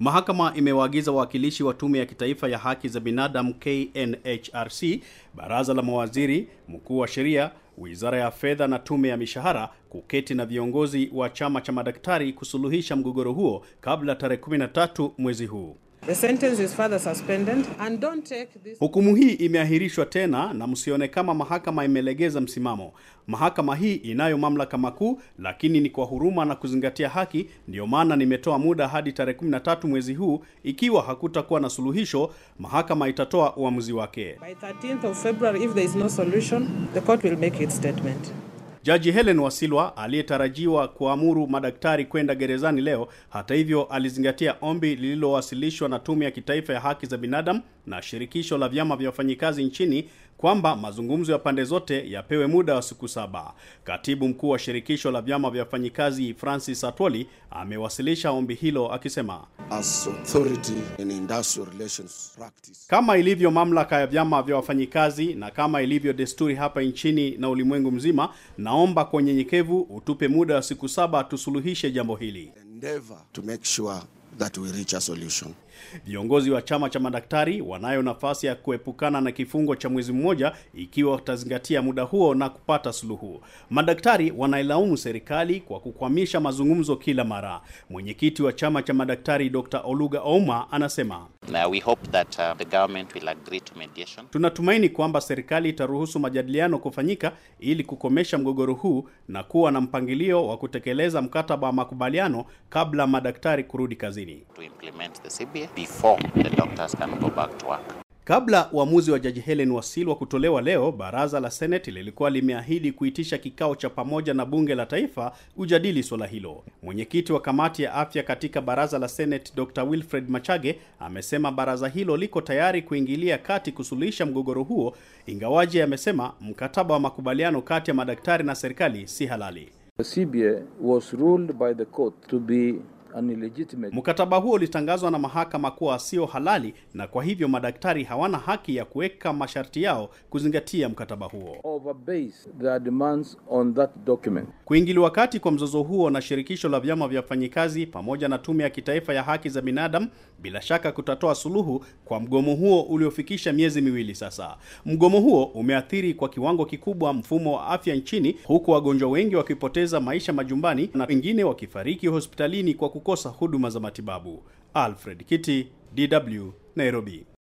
Mahakama imewaagiza wawakilishi wa Tume ya Kitaifa ya Haki za Binadamu KNHRC, Baraza la Mawaziri, Mkuu wa Sheria, Wizara ya Fedha na Tume ya Mishahara kuketi na viongozi wa chama cha madaktari kusuluhisha mgogoro huo kabla tarehe 13 mwezi huu. Hukumu hii imeahirishwa tena, na msione kama mahakama imelegeza msimamo. Mahakama hii inayo mamlaka makuu, lakini ni kwa huruma na kuzingatia haki. Ndiyo maana nimetoa muda hadi tarehe 13 mwezi huu. Ikiwa hakutakuwa na suluhisho, mahakama itatoa uamuzi wake. By 13th of February, if there is no solution, the court will make its statement. Jaji Helen Wasilwa aliyetarajiwa kuamuru madaktari kwenda gerezani leo, hata hivyo, alizingatia ombi lililowasilishwa na Tume ya Kitaifa ya Haki za Binadamu na Shirikisho la Vyama vya Wafanyikazi nchini kwamba mazungumzo ya pande zote yapewe muda wa siku saba. Katibu mkuu wa shirikisho la vyama vya wafanyikazi Francis Atwoli amewasilisha ombi hilo akisema, As authority in industrial relations practice, kama ilivyo mamlaka ya vyama vya wafanyikazi na kama ilivyo desturi hapa nchini na ulimwengu mzima, naomba kwa unyenyekevu utupe muda wa siku saba tusuluhishe jambo hili. Endeavor to make sure that we reach a solution. Viongozi wa chama cha madaktari wanayo nafasi ya kuepukana na kifungo cha mwezi mmoja ikiwa watazingatia muda huo na kupata suluhu. Madaktari wanailaumu serikali kwa kukwamisha mazungumzo kila mara. Mwenyekiti wa chama cha madaktari Dr. Oluga Ouma anasema Uh, we hope that uh, the government will agree to mediation. Tunatumaini kwamba serikali itaruhusu majadiliano kufanyika ili kukomesha mgogoro huu na kuwa na mpangilio wa kutekeleza mkataba wa makubaliano kabla madaktari kurudi kazini. To implement the CBA before the doctors can go back to work. Kabla uamuzi wa jaji Helen Wasilwa kutolewa leo, baraza la seneti lilikuwa limeahidi kuitisha kikao cha pamoja na bunge la taifa kujadili swala hilo. Mwenyekiti wa kamati ya afya katika baraza la seneti Dr. Wilfred Machage amesema baraza hilo liko tayari kuingilia kati kusuluhisha mgogoro huo, ingawaji amesema mkataba wa makubaliano kati ya madaktari na serikali si halali. The CBA was ruled by the court to be Mkataba huo ulitangazwa na mahakama kuwa sio halali na kwa hivyo madaktari hawana haki ya kuweka masharti yao kuzingatia mkataba huo. Kuingiliwa kati kwa mzozo huo na shirikisho la vyama vya wafanyikazi pamoja na tume ya kitaifa ya haki za binadamu bila shaka kutatoa suluhu kwa mgomo huo uliofikisha miezi miwili sasa. Mgomo huo umeathiri kwa kiwango kikubwa mfumo wa afya nchini huku wagonjwa wengi wakipoteza maisha majumbani na wengine wakifariki hospitalini kwa kukosa huduma za matibabu. Alfred Kiti, DW, Nairobi.